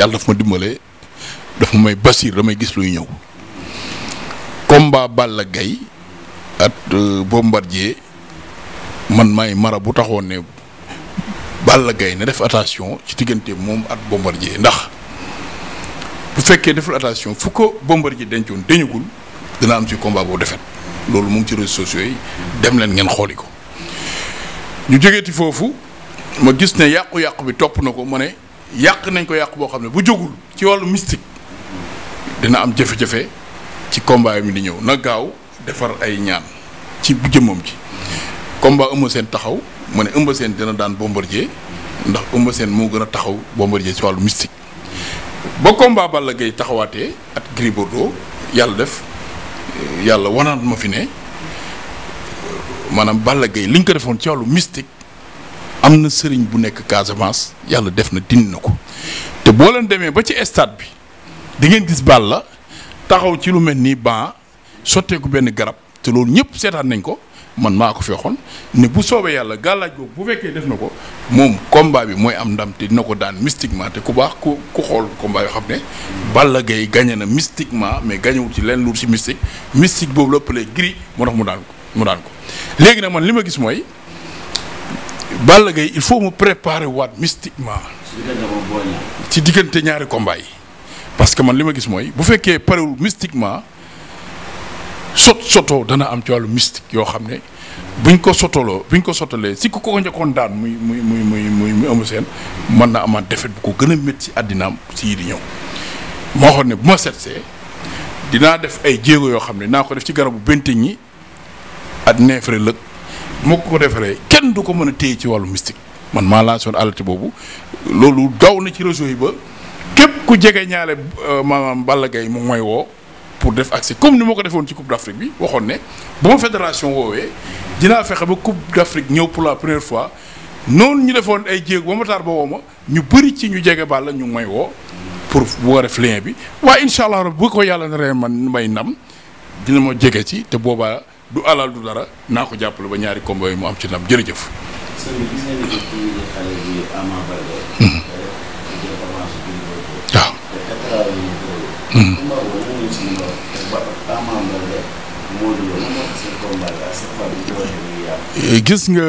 yalla daf ma dimbale daf may basir damay gis luy ñew combat Balla gay at euh, Bombardier man may mara bu taxoon ne Balla gay ne def attention ci diggante mom at Bombardier ndax bu fekke deful attention fu ko Bombardier dencion deñugul dina am ci combat bo defet loolu mu ngi ci réseaux sociaux yi dem leen ngeen xoliko ñu jógeeti fofu ma gis ne yàqu-yàqu bi top nako mo ne yàq nañ ko yàq boo xam ne bu jógul ci wàllu mystique dina am jafe-jafe ci combat mi di ñëw na gaaw defar ay ñaan ci bu jëmmam ji combat Eumeu Sène taxaw ma ne Eumeu Sène dina daan Bombardier ndax Eumeu seen moo gën a taxaw Bombardier ci wàllu mystique ba combat Balla Gaye taxawaatee at Gris Bordeaux yàlla def yàlla wanaat ma fi ne maanaam Balla Gaye liñ ko defoon ci wàllu mystique am na sëriñ bu nekk Casamance yàlla def na dindi na ko te boo leen demee ba ci stade bi di ngeen gis la taxaw ci lu mel ni ban sotteeku benn garab te loolu ñëpp seetaan nañ ko man maa ko feexoon ne bu soobee yàlla gàllaaj boobu bu fekkee def na ko moom combat bi mooy am ndam te dina ko daan mystiquement te ku baax ku ku xool combat yoo xam ne. Balla Gaye gagné na mystiquement mais gagné ci leen lu ci mystique mystique boobu la ëppalee gris moo tax mu daan ko mu daan ko mooy. il faut me préparer mystiquement. ci combat parce que man gis que bu mystiquement sot soto dana am ci walu mystique yo xamné buñ ko buñ si je ko condamne, daan muy muy muy muy muy muy je suis défaite bu ko a ci bu ma def ay ko moo ko ko defaree kenn du ko mën a téye ci wàllu mystique man maa lancé woon alerte boobu loolu daw na ci réseau yi ba képp ku jege ñaale euh, maanaam Balla Gaye mu mooy woo pour def accès comme ni ma ko defoon ci coupe d' Afrique bi waxoon ne bu ma fédération woowee dinaa fexe ba coupe d' ñëw pour la première fois noonu ñu defoon ay jéeg ba ma taar ba woo ma ñu bëri ci ñu jege Balla ñu may woo pour bu ko def bi waaye incha allah bu ko yàlla naree man may nam dina ma jege ci te boobaa du alal du dara naa ko jàppale ba ñaari combat yi mu am ci ndam jërëjëf. sëñ bi gis nga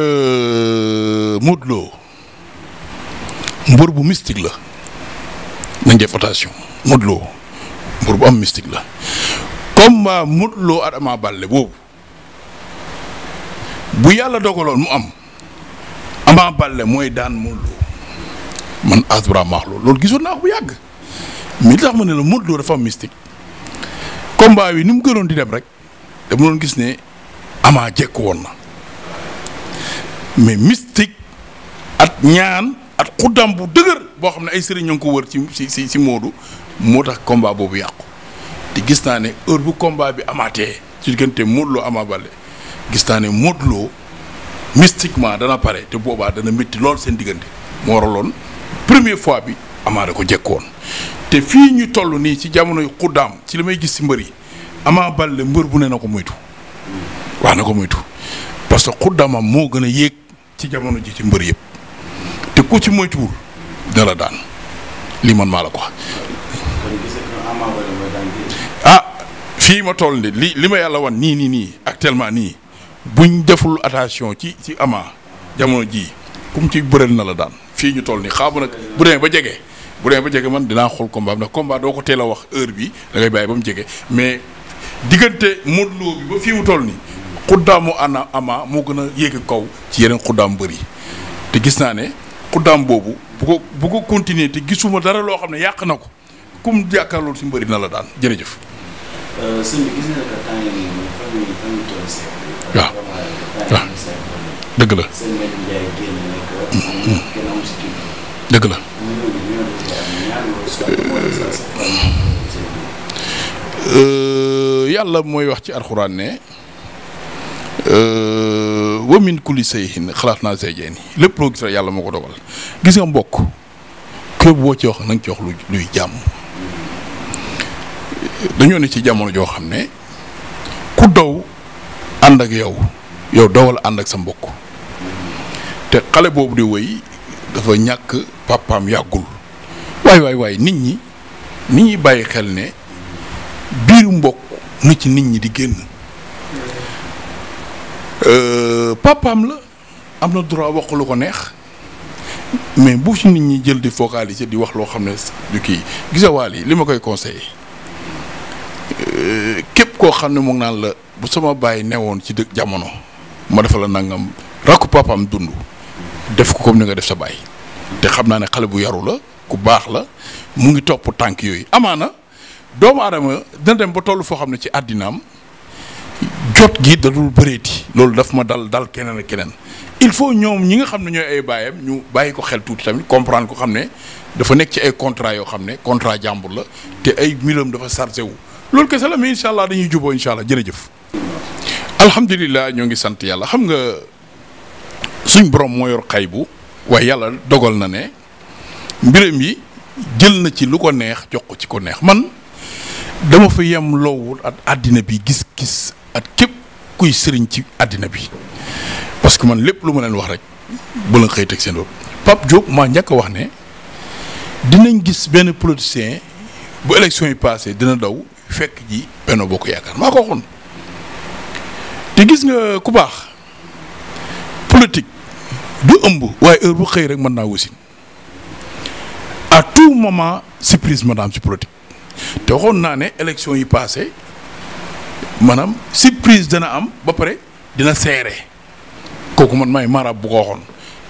Modou Lo bu mystique la dañ def attention Modou Lo bu am mystique la combat Modou Lo ak boobu bu yàlla dogaloon mu am Ama Baldé mooy daan Modou Lô man asbra maax loolu loolu gisoon naa ko bu yàgg mi tax ma ne la Modou Lô dafa am mystique combat bi ni mu gënoon di dem rek dama doon gis ne Ama jekk woon na mais mystique at ñaan at xuddam bu dëgër boo xam ne ay sëriñ ñoo ngi ko wër ci ci ci ci moo tax combat boobu yàqu te gis naa ne heure bu combat bi amaatee ci diggante Modou Lô Ama gis naa ne Modou Lo mystiquement dana pare te boobaa dana métti lool seen diggante moo waraloon première fois bi Ama da ko jekkoon te fii ñu toll nii ci jamono jamonoy xuddaam ci li may gis si mbër yi Ama mbër bu ne na ko moytu wax na ko moytu parce que xuddaamam moo gën a yéeg ci jamono ji ci mbër yëpp te ku ci moytuwul dina la daan lii man maa la ko ah fii ma toll nii li li ma yàlla wan nii nii nii actuellement nii buñ deful attention ci ci ama jamono jii kum ci bëreel na la daan fii ñu toll nii xaabu nag bu demee ba jege bu demee ba jege man dinaa xool combat ndax doo ko teel a wax heure bi da ngay ba mu jege mais diggante Modou Lo bi ba fii mu toll nii xuddaamu ana ama moo gën a yéeg kaw ci yeneen xuddaam bëri te gis naa ne xuddaam boobu bu ko bu ko continuer te gisuma dara loo xam ne yàq na ko kum jàkkaarloo si mbëri na la daan jërëjëf. Euh, sëñ bi waaw waaw dëgg la dëgg la euh, yàlla mooy wax ci alxuraan ne euh, wa min xalaat naa xalaqnaa zawjayni lépp loo gis rek yàlla moo ko dogal gis nga mbokk képp boo ci wax na nga ci wax lu luy jàmm dañoo ne ci jamono joo xam ne ku daw ànd ak yow yow doo ànd ak sa mbokk te xale boobu di woy dafa ñàkk papaam yàggul waay waaye waay nit ñi nit ñi bàyyi xel ne biiru mbokk na ci nit ñi di génn euh, papaam la am na droit wax lu ko neex mais bu ci nit ñi jël di focaliser di wax loo xam ne du kii gisa waal yi li ma koy conseillé euh, képp koo xam ne mu ngi naan la bu sama baay newoon ci dëkk jamono ma defal la nangam rakku papaam dund def ko comme ni nga def sa baay te xam naa ne xale bu yaru la ku baax la mu ngi topp tànk yooyu amaana doomu aadama dina dem ba toll foo xam ne ci àddinaam jot gi da dul bëreeti loolu daf ma dal dal keneen ak keneen il faut ñoom ñi nga xam ne ñooy ay baayam ñu bàyyi ko xel tuuti tamit comprendre ko xam ne dafa nekk ci ay contrat yoo xam ne contrat jàmbur la te ay milam dafa chargé wu loolu kese la mais incha allah dañuy juboo incha allah jërëjëf. alhamdulillah ñu ngi sant yalla xam nga suñ borom mo yor xaybu waaye yalla dogal na ne mbiram yi jël na ci lu ko neex jox ko ci ko neex man dama fa yem loowul at adina bi gis-gis at kep kuy serign ci adina bi parce que man lepp lu ma len wax rek bu la xey tek sen bop pap job ma ñak wax ne dinañ gis ben politicien bu election yi passé dina daw fekk ji benn bokk yaakaar mako ko te gis nga ku baax politique du ëmb waaye heure bu xëy rek mën naa wasin à tout moment surprise madame ci politique te waxoon naa ne élection yi passé maanaam surprise dana am ba pare dina seere kooku man may marab bu ko waxoon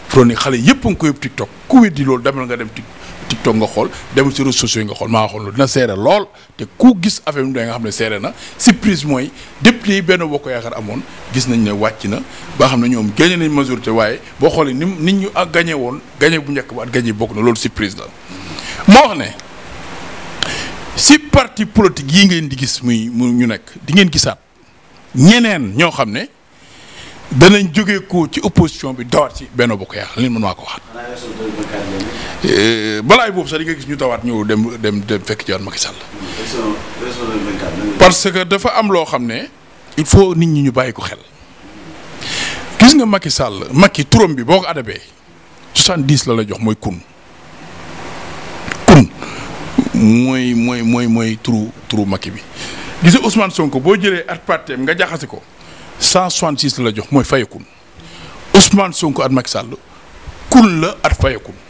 fro ni xale yëpp a ko yëpp TikTok ku weddi loolu demal nga dem TikTok TikTok nga xool demal ci réseaux sociaux yi nga xool maa xool lu dina seere lool te ku gis affaire bi nga xam ne seere na surprise mooy député benn boo ko yaakaar amoon gis nañ ne wàcc na ba xam ne ñoom gagné nañ majorité waaye boo xoolee ni nit ñu ak gagné woon gagné bu njëkk ba at bokk na loolu surprise la moo wax ne si parti politique yi ngeen di gis muy mu ñu nekk di ngeen gisaat ñeneen ñoo xam ne danañ jóge ko ci opposition bi dawat ci benn bokk yaakaar li mën Euh, balaay boobu sax di nga gis ñu tawaat ñëw dem dem dem fekk ci waat Macky Sall parce que dafa am loo xam ne il faut nit ñi ñu bàyyi ko xel gis nga makki Sall Macky turam bi boo ko adabee soixante-dix la la jox mooy kun kun mooy mooy mooy mooy turu turu Macky bi gis nga Ousmane Sonko boo jëlee at partem nga jaxase ko cent soixante-six la la jox mooy fayakun Ousmane Sonko at Macky sàll kun la at fayakun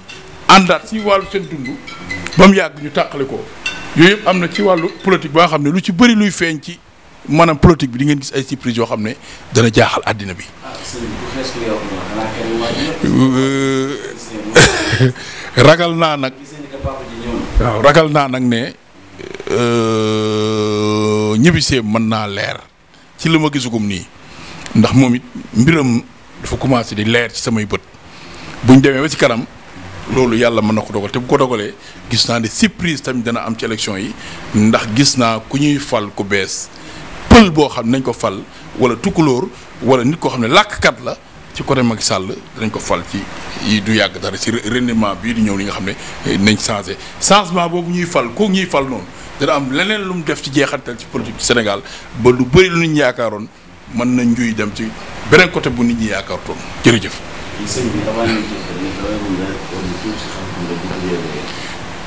àndaat si wàllu seen dund ba mu yàgg ñu tàqale ko yooyu yëpp am na ci wàllu politique ba xam ne lu ci bëri luy feeñ ci maanaam politique bi di ngeen gis ay surprise yoo xam ne dana jaaxal àddina bi. Euh, ragal naa nag. ragal naa nag ne euh, ñibbisee mën naa leer ci li ma gisugum nii ndax moom it mbiram dafa commencé di leer ci samay bët buñ demee ba ci kanam. loolu yalla man na ko dogal te bu ko dogalee gis na ne surprise tamit dana am ci élection yi ndax gis na ku ñuy fal ku bees peul bo xam nañ ko fal wala tukulor wala nit ko xamne lak làkkat la ci côté Macky Sall ko fal ci yi du yag dara ci rendement bi di ñew li nga xamne ne nañ changé changement boobu ñuy fal ko ñuy fal noonu dana am leneen lu mu def ci jeexantal ci politique ci Sénégal ba lu bëri lu ñu yaakaaroon man na njuy dem ci beneen côté bu nit ñi yaakaartoon jërëjëf.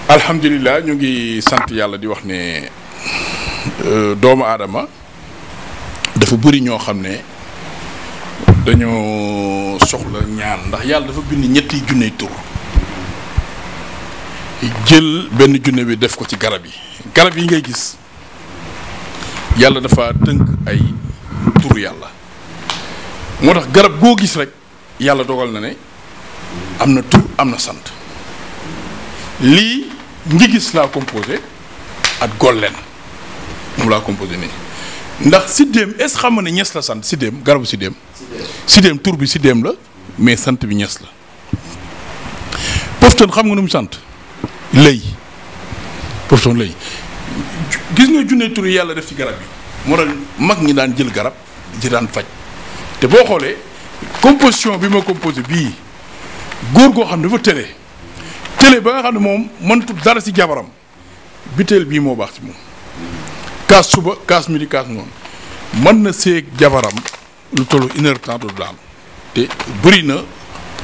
alhamdulilah ñu ngi sant yàlla di wax ne euh, doomu aadama dafa bëri ñoo xam ne dañoo soxla ñaan ndax yàlla dafa bind ñetti junne tur jël benn junne bi def ko ci garab yi garab yi ngay gis yàlla dafa tënk ay tur yàlla moo tax garab goo gis rek yàlla dogal na ne. amna tour amna sante li sant gis la composé ak golen moom la composé nii ndax sidem, est xam ne la sant sidem garabu sidem sidem tour bi sidem la mais sante bi ñess la pourtant xam nga num sante sant lay. lay gis nga junne tour yalla def ci garab bi mo dal mag ñi daan jël garab di daan faj te bo composition bi ma composé bi. góor goo xam ne dafa tële tële ba nga xam ne moom mënatul dara si jabaram biteel bii moo baax ci moom kaas suba kaas midi kaas noonu mën na seeg jabaram lu tollu une heure du daal te bëri na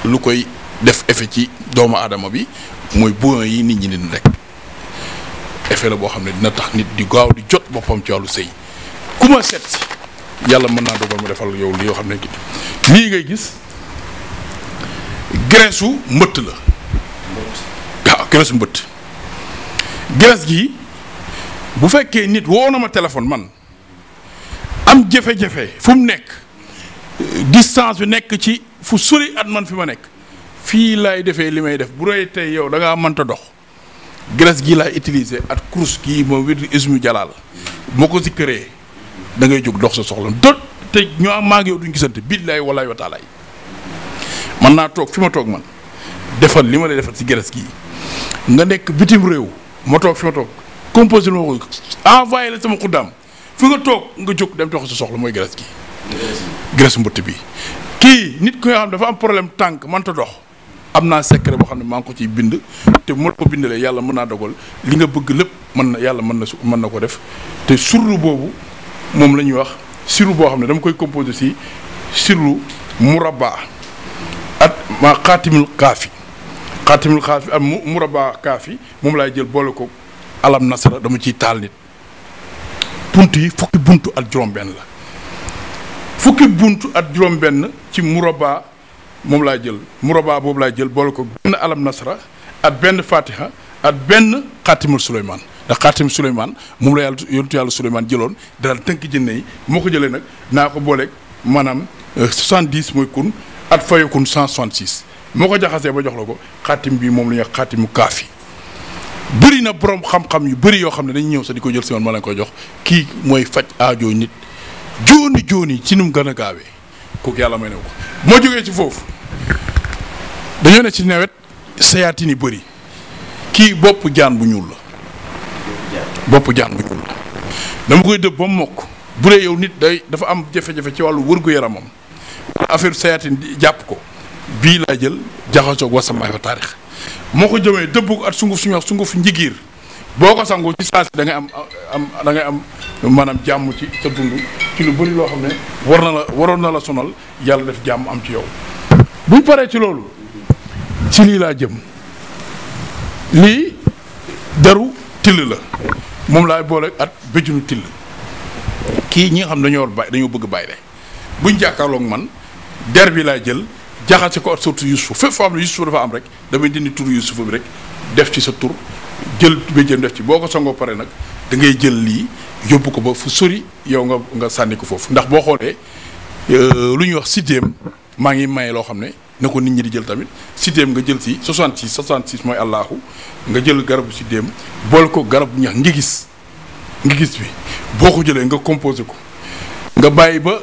lu koy def effet ci doomu aadama bi mooy bouillon yi nit ñi di rek effet la boo xam ne dina tax nit di gaaw di jot boppam ci wàllu sëy ku ma seet si yàlla mën naa dogal mu defal yow li yoo xam ne lii ngay gis graisse u mbëtt la waaw graisse mbëtt graisse gi bu fekkee nit woo na ma téléphone man am jafe-jafe fu mu nekk distance bi nekk ci fu sori at man fi ma nekk fii laay defee li may def bu rëy tey yow da ngaa mënta dox graisse gii laay utiliser at course gii moom wér ismu jalaal moo ko si dangay jóg dox sa soxla do te ñoo maa ngi yow duñ gisante biit walaay wa taalaay man naa toog fi ma toog man defal li ma lay defal ci geres gi nga nekk bitim réew ma toog fi ma toog composé ma ko envoyé la sama xuddaam fi nga toog nga jóg dem dox sa soxla mooy geres gi. geres mbott bi kii nit ku nga xam dafa am problème tànk mënta dox am naa secret boo xam ne maa ngi ko ciy bind te bu ma ko bindalee yàlla mën naa dogal li nga bëgg lépp mën na yàlla mën na su mën na ko def te surlu boobu moom la ñuy wax surlu boo xam ne dama koy composé si surlu murabba ma xaatimul kaafi xaatimul kaafi am mu murabaa moom laay jël boole ko alam nasara dama ciy taal nit yi fukki buntu ak juróom la fukki buntu ak juróom ci murabaa moom laay jël murabaa boobu laay jël boole ko benn alam nasara ak benn fatiha ak benn xaatimul suleymaan ndax xaatim suleymaan moom la yàlla yontu yàlla suleymaan jëloon daal tënk jinne yi moo ko jëlee nag naa ko booleeg maanaam 70 euh, mooy kun at fayakun 166 moo ko jaxasee ba jox la ko xaatim bii moom la ñuy wax xaatimu kaafi bëri na borom xam-xam yu bëri yoo xam ne dañuy ñëw sa di ko jël si man ma leen koy jox kii mooy faj aajoo nit jooni jooni ci nu mu gën a gaawee kooku yàlla may ne ko moo jógee ci foofu dañoo ne ci nawet sayaatin yi bëri kii bopp jaan bu ñuul la. bopp jaan bu ñuul la. dama koy dëb ba mu mokk bu dee yow nit day dafa am jafe-jafe ci wàllu wërgu yaramam. affaire sayatin japp ko bi la jël jaxasoog wasamaay fa taarix tarikh moko jëme debbu at sunguf suñu sunguf njigiir boo ko ci da ngay am am da ngay am manam jamm ci ci dundu ci lu bari lo xamne war na la waroon na la sonal yalla def jamm am ci yow buñ paré ci lolu ci li la jëm li daru tililah la moom laay boole at bejunu til ki ñi xam dañu war bëgg bay buñ jakkalok man Derbi bi jël jaxase ko surtout yusuf fepp foo yusuf dafa am rek damay dindi tour yusuf bi rek def ci sa tur jël bi jëm def ci boko songo paré nak da ngay jël li yóbbu ko ba fu sori yow nga nga sanni ko fofu ndax bo xolé euh luñu wax sitem ma ngi may lo xamné nako nit ñi di jël tamit sitem nga jël si 66 66 moy allahu nga jël garabu siddéem bol ko garab ñax ngi gis ngi gis bi boko jëlé nga composer ko nga bàyyi ba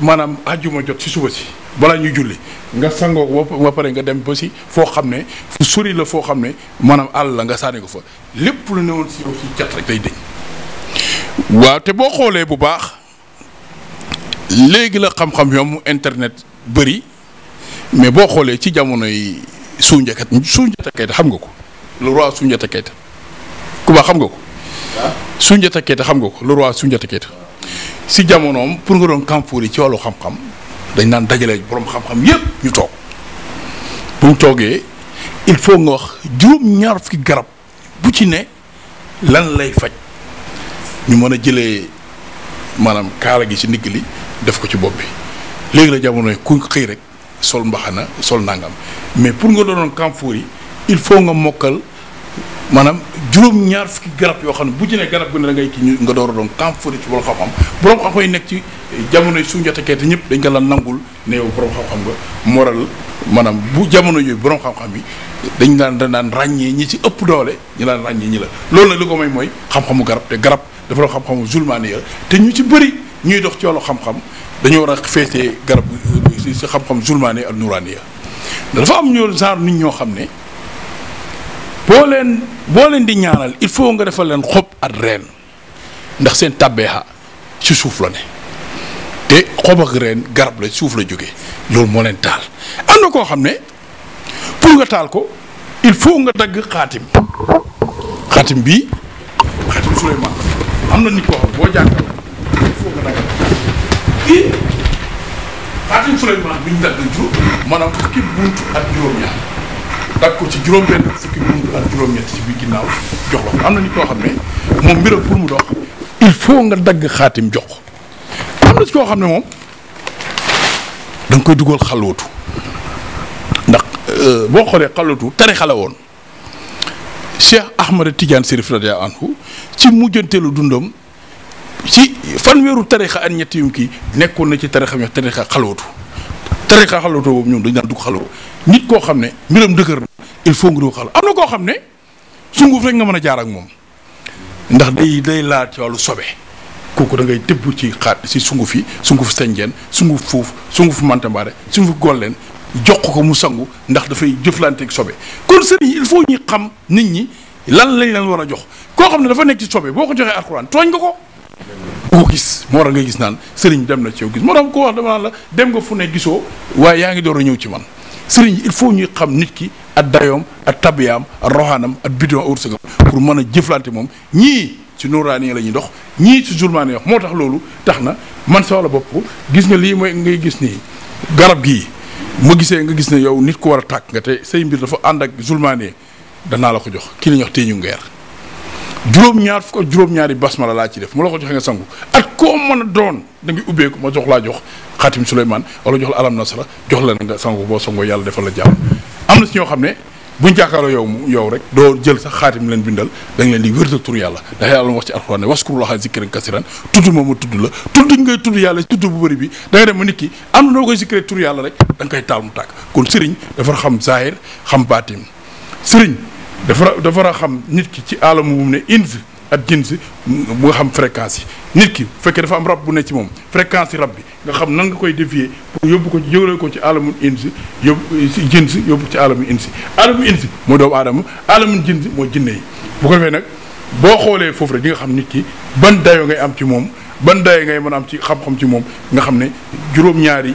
manam aljuma jot ci suba si balaa ñuy julli nga sangoo ba pare nga dem ba si foo xam ne fu sori la foo xam ne maanaam àll la nga sànni ko fa lépp lu newoon si yow si cat rek day dëñ waaw te boo xoolee bu baax léegi la xam-xam yom internet bëri mais boo xoolee ci jamono yi Soundiata Soundiata Keita xam nga ko le roi Soundiata Keita ku baax xam nga ko ah. Soundiata Keita xam nga ko le roi Soundiata Keita ah. si jamonoom pour nga doon campoor yi ci wàllu xam-xam dañ naan dajale borom xam-xam yépp ñu toog bu ñu toogee il faut nga wax juróom-ñaar fukki garab bu ci ne lan lay faj ñu mën a jëlee maanaam kaara gi ci ndigg li def ko ci bopp bi léegi la jamono jamonoy ku xëy rek sol mbaxana sol nangam mais pour nga doonoon camphor yi il faut nga mokkal maanaam juróom ñaar fukki garab yoo xam ne bu ci ne garab gu ne da kii nga door a doon camphori ci borom xam-xam borom xam-xam yi nekk ci jamono suñu jotekee te ñëpp dañ ko la nangul ne yow borom xam-xam nga moral maanaam bu jamono yooyu borom xam-xam yi dañ daan daan ràññee ñi ci ëpp doole ñu daan ràññee ñi la loolu nag li ko may mooy xam-xamu garab te garab dafa doon xam-xamu zulmaani ya te ñu ci bëri ñuy dox ci wàllu xam dañoo war a féetee si xam-xam zulmaani ak nuraani ya dafa am ñoo genre nit ñoo xam ne boo leen boo leen di ñaanal il faut nga defal leen xob ak reen ndax seen tabbeexa ci suuf la ne te xob ak reen garab la suuf la jóge loolu moo leen taal am na koo xam ne pour nga taal ko il faut nga dagg xaatim xaatim bii xaatim Suleymaan am na nit koo xam boo jàngal il faut nga dagg juróom-ñaar dagg d'accord ci juróom-benn fukki bunt ak ci biir ginnaaw jox la ko am na nit koo xam ne moom mbiram pour mu dox il faut nga dagg xaatim jox am na ci koo xam ne moom da koy dugal xalootu ndax euh, boo xoolee xalwatu tarixa la woon Cheikh Ahmad Tidiane Chérif radiyallahu anhu ci mujjanteelu dundam ci fanweeru tarixa ak ñett yum kii nekkoon na ci tarixa mi tarixa xalwatu tarixa xalwatu ñoom dañ daan dugg xalwatu nit koo xam ne mbiram dëgër il faut nga xal am na koo xam ne sunguf rek nga mën a jaar ak moom ndax day day laal ci wàllu sobe kooku da ngay tëbb ci xaat si sunguf yi sunguf sanjeen sunguf foofu sunguf mantambaare sunguf golleen jox ko mu sangu ndax dafay jëflanteek sobe kon sëriñ il faut ñu xam nit ñi lan lañ leen war a jox koo xam ne dafa nekk sobe boo ko joxee alxuraan tooñ nga ko moo tax nga gis naan sëriñ dem na ci yow moo tax ko wax dama la dem nga fu ne gisoo waaye ngi door a ñëw ci man sëriñ il faut ñuy xam nit ki ak dayoom ak tabiyaam ak roxaanam ak bidon ak wërsëgam pour mën a jëflante moom ñii ci nuuraani la ñuy dox ñii ci zulmaani wax moo tax loolu tax na man sawala bopp gis nga lii mooy ngay gis nii garab gii ma gisee nga gis ne yow nit ku war a tàkk nga tey say mbir dafa ànd ak zulmaani danaa la ko jox ki la ñuy wax téeñu ngeer juróom-ñaar fu ak juróom-ñaari basmala laa ci def mu la ko joxee nga sangu at koo mën a doon da ngay ubbeeku ma jox laa jox xaatim Suleymaan wala jox la alam jox la nga boo sangoo yàlla defal la jàmm am na si ñoo xam ne bu jàkkaarloo yow yow rek doo jël sax mu leen bindal da leen di wérta tur yàlla ndax yàlla mu wax ci alxuraan ne waskurullaha zikran kasiran tudd ma ma tudd la tudd ngay tudd yàlla tudd bu bëri bi da nga dem ma nit ki am na noo koy sikkiree tur yàlla rek da nga koy taal mu tàkk kon sëriñ dafa xam zahir xam baatim sëriñ dafa xam nit ki ci aalamu bu mu ne ins ak jins mu nga xam fréquence yi nit ki bu fekkee dafa am rab bu ne ci moom fréquence rab bi nga xam nan nga koy dévier yóbbu ko yëgle ko ci alamul insi yóbbu si jinn si yóbbu ci alamul insi alamul insi mooy doomu aadama alamul jinn si mooy jinne yi bu ko defee nag boo xoolee foofu rek di nga xam nit ki ban dayoo ngay am ci moom ban dayoo ngay mën a am ci xam-xam ci moom nga xam ne juróom-ñaari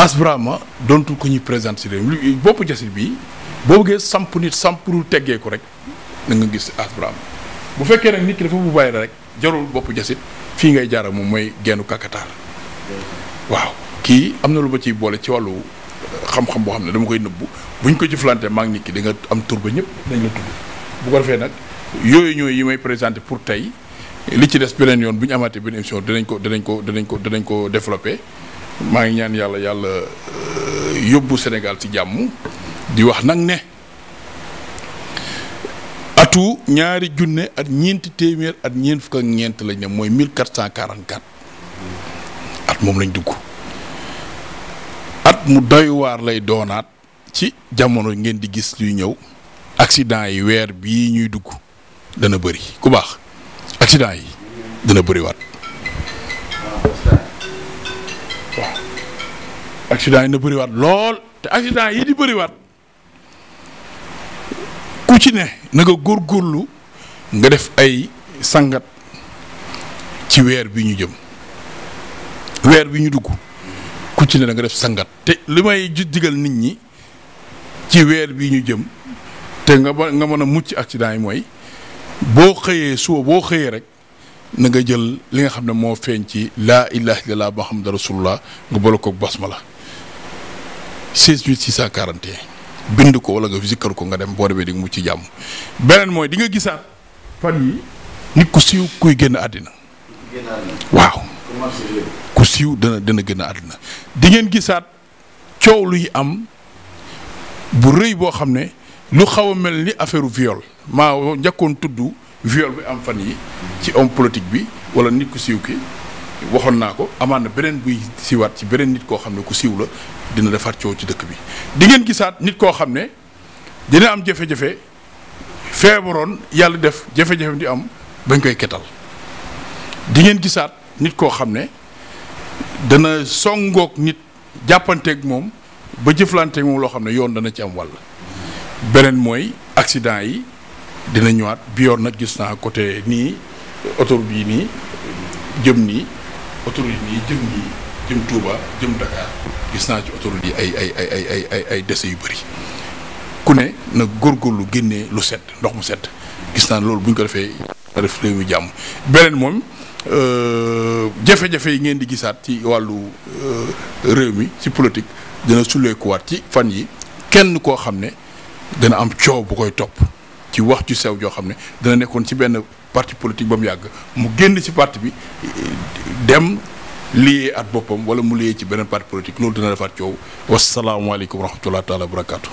Asbrahama doontul ko ñuy présenter lu boppu jasit bii boo bëggee samp nit sampul teggee ko rek na nga gis Asbrahama bu fekkee nag nit ki dafa bu bàyyi rek jarul boppu jasit fii ngay jaara moom mooy geenu kakataar waaw kii am na lu ma ciy boole ci wàllu xam-xam boo xam ne dama koy nëbbu buñ ko jëflante maa ngi nit ki di nga am tur ba ñëpp dañ la tudd bu ko defee nag yooyu ñooy yi may présenter pour tey li ci des beneen yoon bu ñu amaatee benn émission danañ ko danañ ko danañ ko danañ ko développé maa ngi ñaan yàlla yàlla euh, yóbbu Sénégal ci jàmm di wax nag ne atu ñaari junne at ñeenti téeméer at ñeent fukk ak ñeent lañ ne mooy 1444 at moom lañ dugg at mu doy waar lay doonaat ci jamono ngeen di gis luy ñëw accident yi weer bii ñuy dugg dana bëri ku baax accident yi dana bëri waat accident yi na bëriwaat lool te accident yi di bëriwaat ku ci ne na nga góorgóorlu nga def ay sangat ci weer bi ñu jëm weer bi ñu dugg ku ci ne na def sangat te li may digal nit ñi ci weer bi ñu jëm te nga nga mën a mucc accident yi mooy boo xëyee suba boo xëyee rek nanga jël li nga xam ne moo feeñ ci laa ilaha illallah muhammad rasulullah nga boole ko la 16641 bind ko wala nga visikkal ko nga dem boo demee di mu ci jàmm beneen mooy di nga gisaat fan yi nit ku siiw kuy génn àddina waaw ku siiw dana dana génn àddina di ngeen gisaat coow luy am bu rëy boo xam ne lu xaw a mel ni affaire viole maa njëkkoon tudd viol bi am fan yi ci homme politique bi wala nit ku siiw ki waxoon naa ko amaan na beneen buy siwaat ci beneen nit koo xam ne ku siiw la dina defar coow ci dëkk bi di ngeen gisaat nit koo xam ne dina am jafe feebaroon yàlla def jafe di am bañ koy ketal di ngeen gisaat nit koo xam ne dana songook nit jàppanteek moom ba jëflanteeg moom loo xam ne yoon dana ci am wàll beneen mooy accident yi dina ñëwaat bi nag gis naa côté nii autoroute nii jëm nii autoroute yi jëm nii jëm Touba jëm Dakar gis naa ci autoroute yi ay ay ay ay ay ay ay dese yu bëri ku ne na góorgóorlu génnee lu set ndox mu set gis naa loolu buñ ko defee na def réew mi jàmm beneen moom euh, jafe-jafe yi ngeen di gisaat ci wàllu euh, réew mi ci politique dina sulleekuwaat ci fan yi kenn koo xam ne dana am coow bu koy topp ci wax ju sew joo xam ne dana nekkoon ci benn parti politique ba mu yàgg mu génn ci parti bi dem liyee at boppam wala mu liyee ci beneen parti politique loolu dina defaat coow wasalaamaaleykum wa rahmatulah taala wa barakaatu.